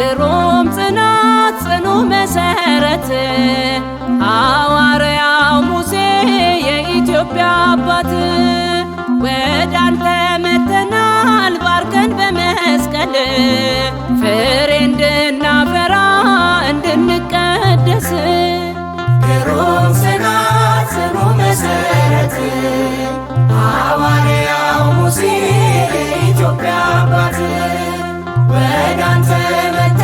ግሩም ጽናት ጽኑ መሰረት ሐዋርያው ሙሴ የኢትዮጵያ አባት ወደ አንተ መተናል ባርከን በመስቀል ፍሬ እንድናፈራ እንድንቀደስ ግሩም ጽናት ጽኑ መሰረት ሐዋርያው ሙሴ የኢትዮጵያ አባት Wagon Tail, let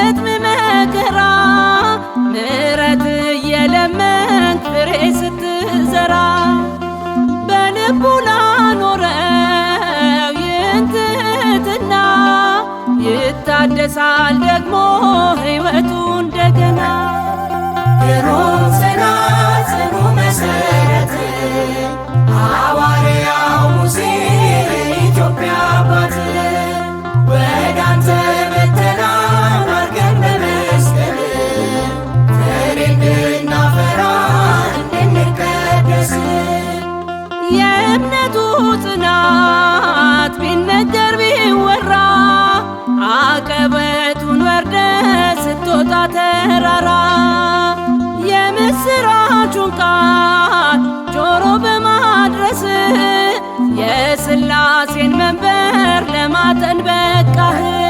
በግጥም መከራ ምረት እየለመንክ ፍሬ ስትዘራ በልቡ ላኖረው ይህን ይታደሳል ደግሞ ሕይወቱ እንደገና ተራራ የምስራቹን ቃል ጆሮ በማድረስ የስላሴን መንበር ለማጠን በቃህ።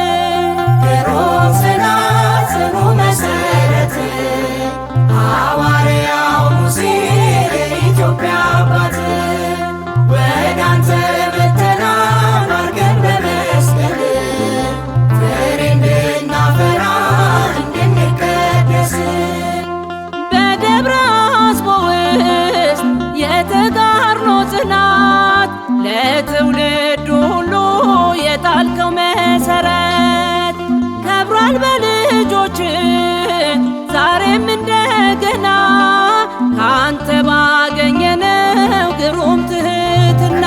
የተጋርኖ ጽናት ለትውልድ ሁሉ የጣልከው መሰረት ከብሯል በልጆች ዛሬም እንደገና ካንተ ባገኘነው ግሩም ትህትና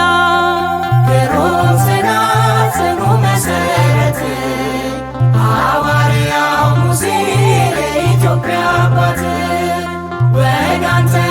ግሩም ጽናት ጽኑ መሰረት ሐዋርያው ሙሴ አባት ወዳንተ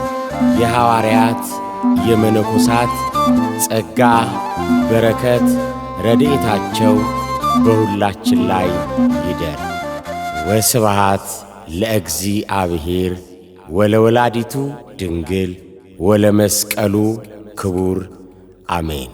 የሐዋርያት የመነኮሳት ጸጋ በረከት ረድኤታቸው በሁላችን ላይ ይደር። ወስብሃት ለእግዚአብሔር ወለወላዲቱ ድንግል ወለመስቀሉ ክቡር አሜን።